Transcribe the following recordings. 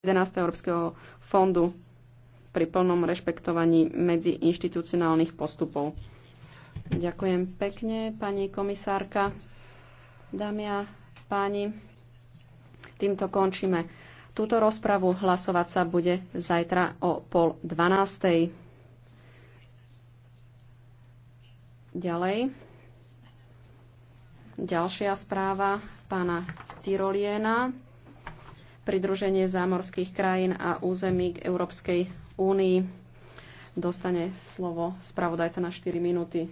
11. Európskeho fondu pri plnom rešpektovaní medziinštitucionálnych postupov. Ďakujem pekne, pani komisárka, dámy a páni. Týmto končíme túto rozpravu. Hlasovať sa bude zajtra o pol dvanástej. Ďalej. Ďalšia správa pána Tyroliena pridruženie zámorských krajín a území k Európskej únii. Dostane slovo spravodajca na 4 minúty.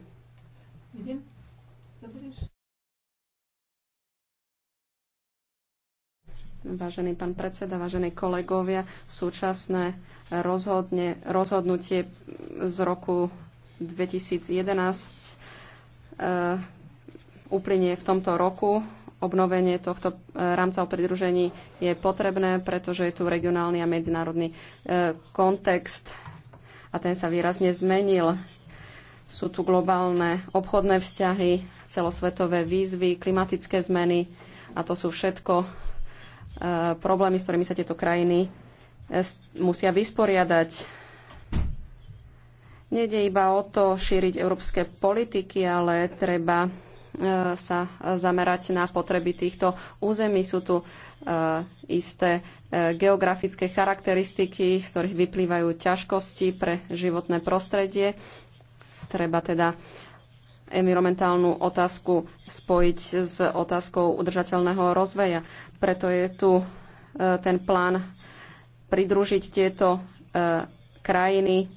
Vážený pán predseda, vážení kolegovia, súčasné rozhodne, rozhodnutie z roku 2011 uh, eh, uplynie v tomto roku obnovenie tohto e, rámca o pridružení je potrebné, pretože je tu regionálny a medzinárodný e, kontext a ten sa výrazne zmenil. Sú tu globálne obchodné vzťahy, celosvetové výzvy, klimatické zmeny a to sú všetko e, problémy, s ktorými sa tieto krajiny musia vysporiadať. Nede iba o to šíriť európske politiky, ale treba E, sa zamerať na potreby týchto území. Sú tu e, isté e, geografické charakteristiky, z ktorých vyplývajú ťažkosti pre životné prostredie. Treba teda environmentálnu otázku spojiť s otázkou udržateľného rozvoja. Preto je tu ten plán pridružiť tieto krajiny.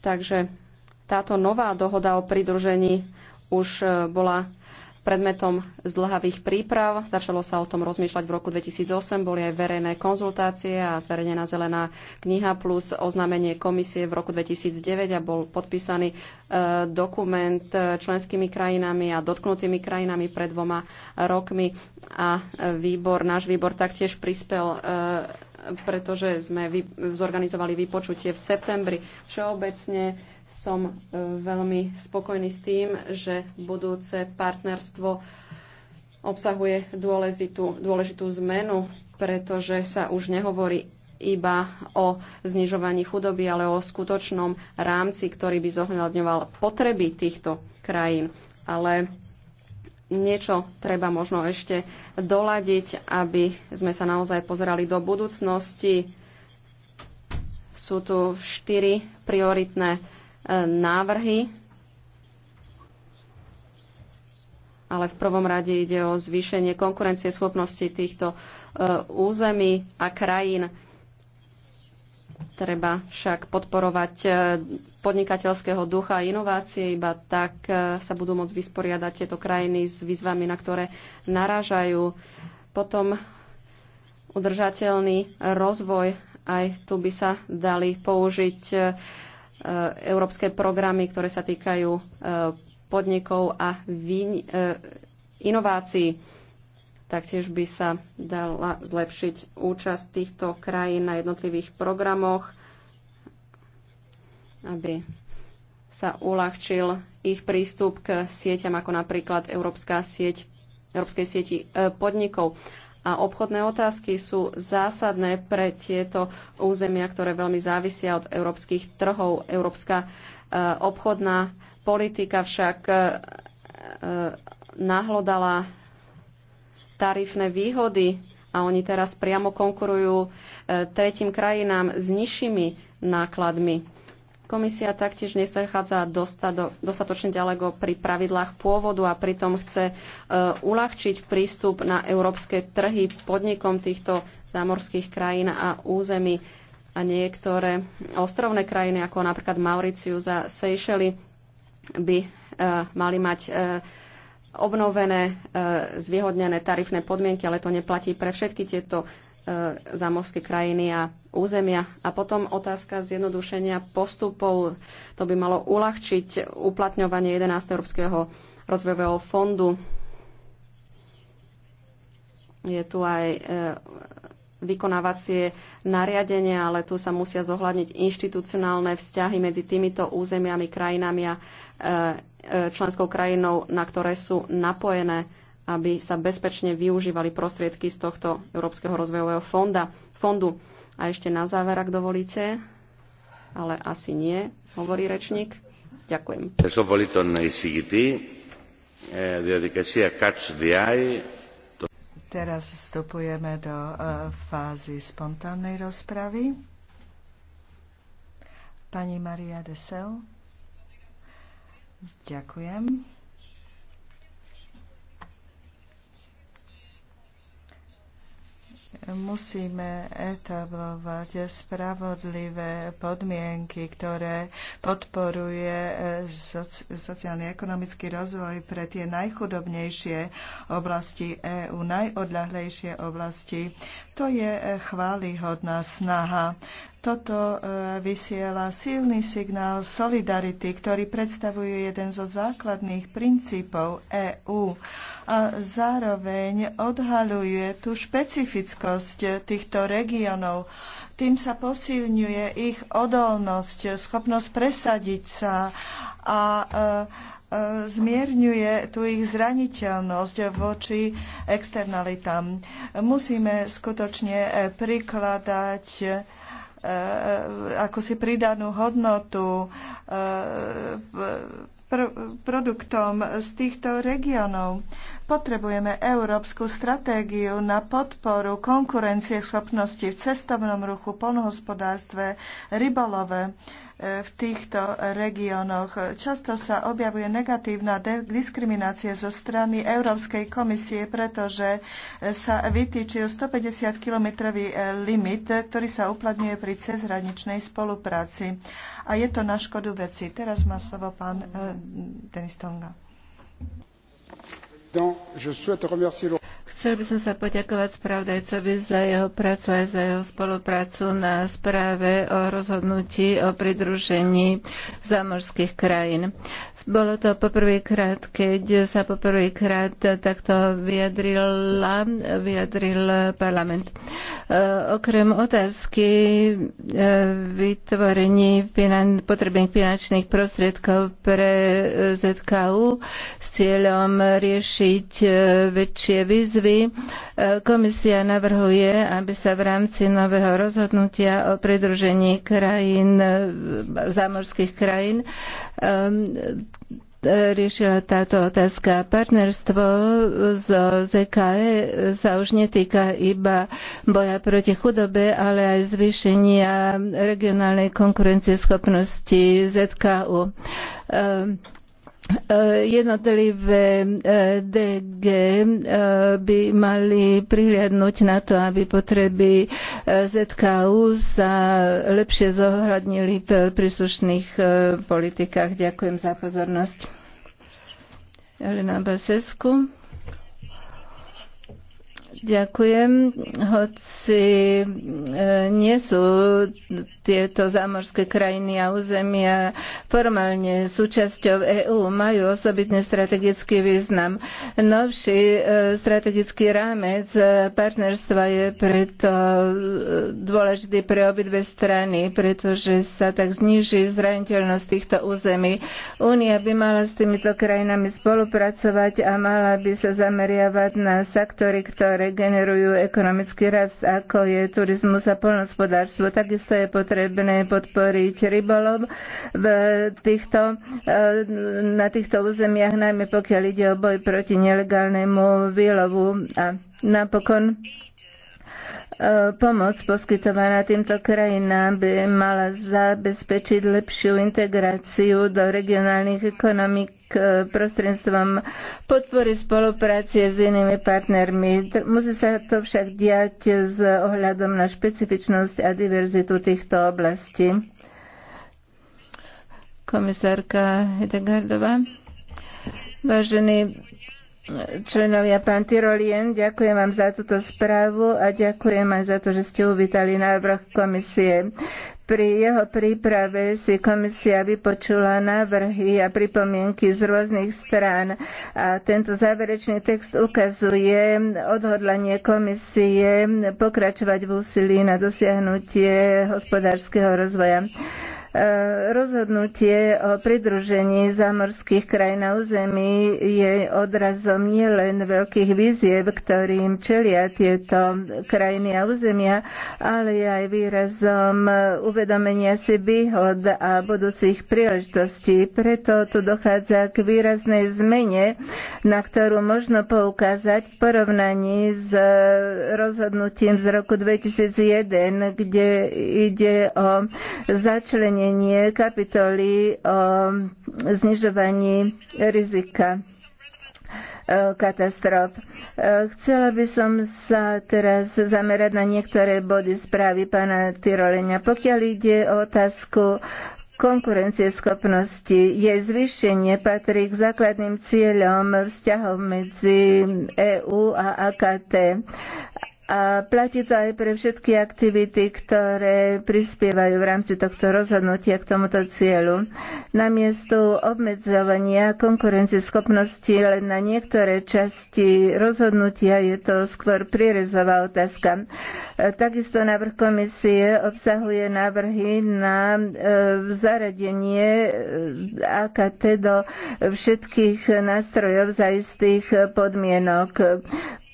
Takže táto nová dohoda o pridružení už e, bola predmetom zdlhavých príprav. Začalo sa o tom rozmýšľať v roku 2008. Boli aj verejné konzultácie a zverejnená zelená kniha plus oznámenie komisie v roku 2009 a bol podpísaný e, dokument e, členskými krajinami a dotknutými krajinami pred dvoma rokmi. A e, výbor, náš výbor taktiež prispel e, pretože sme vy, zorganizovali vypočutie v septembri. Všeobecne som e, veľmi spokojný s tým, že budúce partnerstvo obsahuje dôležitú, dôležitú zmenu, pretože sa už nehovorí iba o znižovaní chudoby, ale o skutočnom rámci, ktorý by zohľadňoval potreby týchto krajín. Ale niečo treba možno ešte doladiť, aby sme sa naozaj pozerali do budúcnosti. Sú tu štyri prioritné E, návrhy, ale v prvom rade ide o zvýšenie konkurencieschopnosti týchto e, území a krajín. Treba však podporovať e, podnikateľského ducha a inovácie, iba tak sa budú môcť vysporiadať tieto krajiny s výzvami, na ktoré naražajú. Potom udržateľný rozvoj, aj tu by sa dali použiť Eh, európske programy, ktoré sa týkajú eh, podnikov a eh, inovácií. Taktiež by sa dala zlepšiť účasť týchto krajín na jednotlivých programoch, aby sa uľahčil ich prístup k sieťam, ako napríklad Európska sieť, Európskej sieti podnikov a obchodné otázky sú zásadné pre tieto územia, ktoré veľmi závisia od európskych trhov. Európska e, obchodná politika však e, e, nahlodala tarifné výhody a oni teraz priamo konkurujú tretím krajinám s nižšími nákladmi. Komisia taktiež nesachádza dostatočne ďaleko pri pravidlách pôvodu a pritom chce e, uľahčiť prístup na európske trhy podnikom týchto zámorských krajín a území a niektoré ostrovné krajiny, ako napríklad Mauricius a Seychelles, by e, mali mať e, obnovené, zvýhodnené tarifné podmienky, ale to neplatí pre všetky tieto E, zamorské krajiny a územia. A potom otázka zjednodušenia postupov. To by malo uľahčiť uplatňovanie 11. Európskeho rozvojového fondu. Je tu aj e, vykonávacie nariadenia, ale tu sa musia zohľadniť inštitucionálne vzťahy medzi týmito územiami, krajinami a e, členskou krajinou, na ktoré sú napojené aby sa bezpečne využívali prostriedky z tohto Európskeho rozvojového fonda, fondu. A ešte na záver, ak dovolíte, ale asi nie, hovorí rečník. Ďakujem. Teraz vstupujeme do fázy spontánnej rozpravy. Pani Maria Desel. Ďakujem. musíme etablovať spravodlivé podmienky, ktoré podporuje eh, sociálny ekonomický rozvoj pre tie najchudobnejšie oblasti EÚ, najodľahlejšie oblasti. To je e, chválihodná snaha. Toto e, vysiela silný signál solidarity, ktorý predstavuje jeden zo základných princípov EÚ a zároveň odhaľuje tú špecifickosť týchto regiónov. Tým sa posilňuje ich odolnosť, schopnosť presadiť sa a e, zmierňuje tu ich zraniteľnosť voči externalitám. Musíme skutočne eh, prikladať eh, eh, ako si pridanú hodnotu produktom z týchto regiónov. Potrebujeme európsku stratégiu na podporu konkurencie schopnosti v cestovnom ruchu, polnohospodárstve, rybolove e, v týchto regiónoch. Často sa objavuje negatívna diskriminácia zo strany Európskej komisie, pretože sa vytýčil 150-kilometrový e, limit, ktorý sa uplatňuje pri cezhraničnej spolupráci. A je to na škodu veci. Teraz má slovo pán e, Denis Tonga. Chcel by som sa poďakovať spravodajcovi za jeho prácu aj za jeho spoluprácu na správe o rozhodnutí o pridružení zámorských krajín. Bolo to poprvýkrát, keď sa poprvýkrát takto vyjadrila, vyjadril parlament. E, okrem otázky e, vytvorení finan, potrebných finančných prostriedkov pre ZKU s cieľom riešiť e, väčšie výzvy, komisia navrhuje, aby sa v rámci nového rozhodnutia o pridružení krajín, zámorských krajín, riešila táto otázka. Partnerstvo z ZKE sa už netýka iba boja proti chudobe, ale aj zvýšenia regionálnej konkurencieschopnosti ZKU. Ehm, Eh, jednotlivé eh, DG eh, by mali prihliadnúť na to, aby potreby ZKU sa lepšie zohľadnili v príslušných politikách. Ďakujem za pozornosť. Elena Basescu. Ďakujem. Hoci e, nie sú tieto zámorské krajiny a územia formálne súčasťou EÚ, majú osobitný strategický význam. Novší e, strategický rámec partnerstva je preto e, dôležitý pre obidve strany, pretože sa tak zniží zraniteľnosť týchto území. Únia by mala s týmito krajinami spolupracovať a mala by sa zameriavať na sektory, ktoré ktoré generujú ekonomický rast, ako je turizmus a polnospodárstvo. Takisto je potrebné podporiť rybolov v týchto, e, na týchto územiach, najmä pokiaľ ide o boj proti nelegálnemu výlovu. A napokon e, pomoc poskytovaná týmto krajinám by mala zabezpečiť lepšiu integráciu do regionálnych ekonomik k e, prostredstvom podpory spolupráce s inými partnermi. Musí sa to však diať s ohľadom na špecifičnosť a diverzitu týchto oblastí. Komisárka Hedegardová. Vážený členovia pán Tyrolien, ďakujem vám za túto správu a ďakujem aj za to, že ste uvítali návrh komisie. Pri jeho príprave si komisia vypočula návrhy a pripomienky z rôznych strán a tento záverečný text ukazuje odhodlanie komisie pokračovať v úsilí na dosiahnutie hospodárskeho rozvoja. E, rozhodnutie o pridružení zamorských krajín na území je odrazom nielen veľkých výziev, ktorým čelia tieto krajiny a územia, ale aj výrazom uvedomenia si výhod a budúcich príležitostí. Preto tu dochádza k výraznej zmene, na ktorú možno poukázať v porovnaní s rozhodnutím z roku 2001, kde ide o začlenie posilnenie kapitoly o znižovaní rizika e, katastrof. E, chcela by som sa teraz zamerať na niektoré body správy pána Tyrolenia. Pokiaľ ide o otázku konkurencieschopnosti. Jej zvýšenie patrí k základným cieľom vzťahov medzi EÚ a AKT a platí to aj pre všetky aktivity, ktoré prispievajú v rámci tohto rozhodnutia k tomuto cieľu. Namiesto obmedzovania konkurencieschopnosti len na niektoré časti rozhodnutia je to skôr prierezová otázka. E, takisto návrh komisie obsahuje návrhy na e, zaradenie e, AKT do všetkých nástrojov za istých podmienok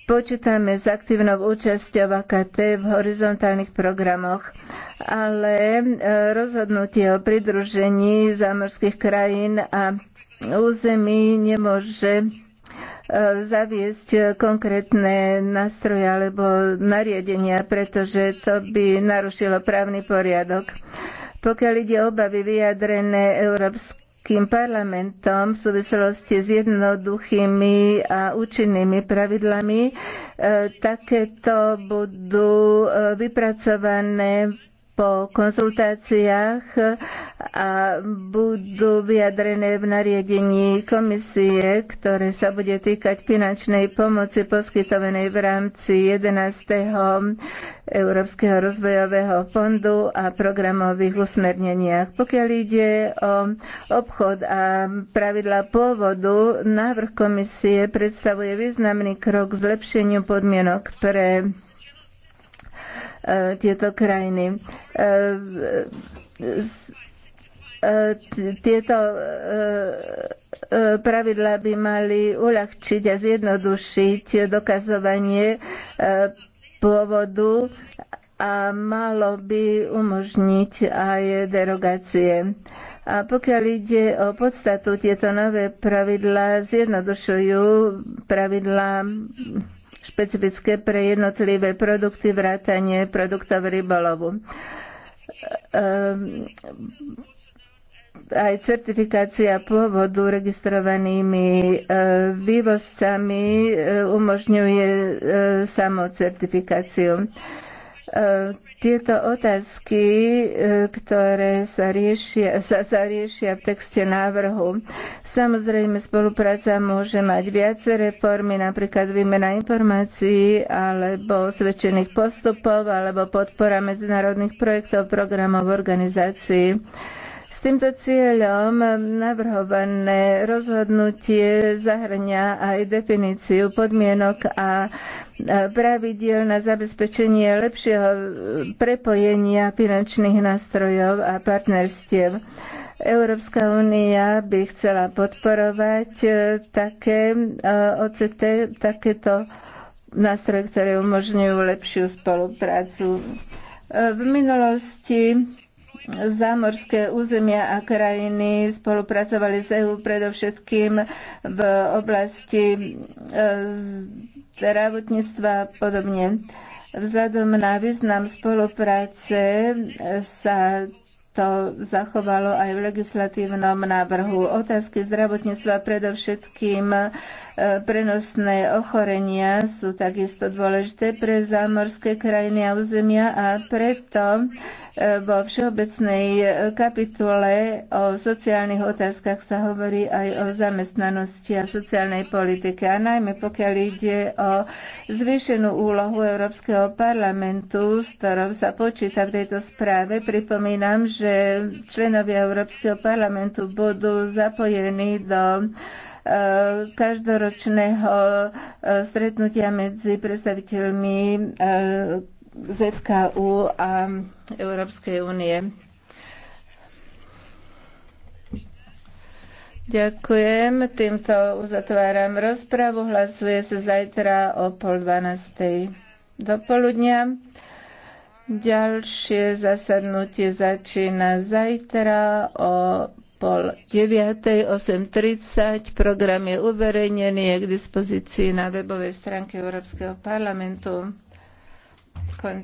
počítame s aktívnou účasťou AKT v horizontálnych programoch, ale e, rozhodnutie o pridružení zámorských krajín a území nemôže e, zaviesť konkrétne nástroje alebo nariadenia, pretože to by narušilo právny poriadok. Pokiaľ ide obavy vyjadrené európske kým parlamentom v súvislosti s jednoduchými a účinnými pravidlami. E, takéto budú e, vypracované po konzultáciách a budú vyjadrené v nariadení komisie, ktoré sa bude týkať finančnej pomoci poskytovanej v rámci 11. Európskeho rozvojového fondu a programových usmerneniach. Pokiaľ ide o obchod a pravidla pôvodu, návrh komisie predstavuje významný krok k zlepšeniu podmienok pre E, tieto krajiny e, e, tieto pravidlá by mali uľahčiť a zjednodušiť dokazovanie pôvodu a malo by umožniť aj derogácie. A pokiaľ ide o podstatu, tieto nové pravidlá zjednodušujú pravidlá špecifické pre jednotlivé produkty vrátanie produktov rybolovu ehm, aj certifikácia pôvodu registrovanými ehm, vývozcami ehm, umožňuje samocertifikáciu. E, tieto otázky, e, ktoré sa riešia, sa, sa riešia v texte návrhu. Samozrejme, spolupráca môže mať viaceré formy, napríklad výmena informácií, alebo osvedčených postupov, alebo podpora medzinárodných projektov, programov, organizácií týmto cieľom navrhované rozhodnutie zahrňa aj definíciu podmienok a pravidiel na zabezpečenie lepšieho prepojenia finančných nástrojov a partnerstiev. Európska únia by chcela podporovať e, také e, OCT, takéto nástroje, ktoré umožňujú lepšiu spoluprácu. E, v minulosti zámorské územia a krajiny spolupracovali s EU predovšetkým v oblasti e, zdravotníctva a podobne. Vzhľadom na význam spolupráce sa to zachovalo aj v legislatívnom návrhu. Otázky zdravotníctva predovšetkým E, prenosné ochorenia sú takisto dôležité pre zámorské krajiny a územia a preto e, vo všeobecnej e, kapitule o sociálnych otázkach sa hovorí aj o zamestnanosti a sociálnej politike. A najmä pokiaľ ide o zvýšenú úlohu Európskeho parlamentu, s ktorou sa počíta v tejto správe, pripomínam, že členovia Európskeho parlamentu budú zapojení do Eh, každoročného eh, stretnutia medzi predstaviteľmi eh, ZKU a Európskej únie. Ďakujem. Týmto uzatváram rozpravu. Hlasuje sa zajtra o pol dvanastej do poludnia. Ďalšie zasadnutie začína zajtra o pol deviatej, tridsať Program je uverejnený, je k dispozícii na webovej stránke Európskeho parlamentu. Končí.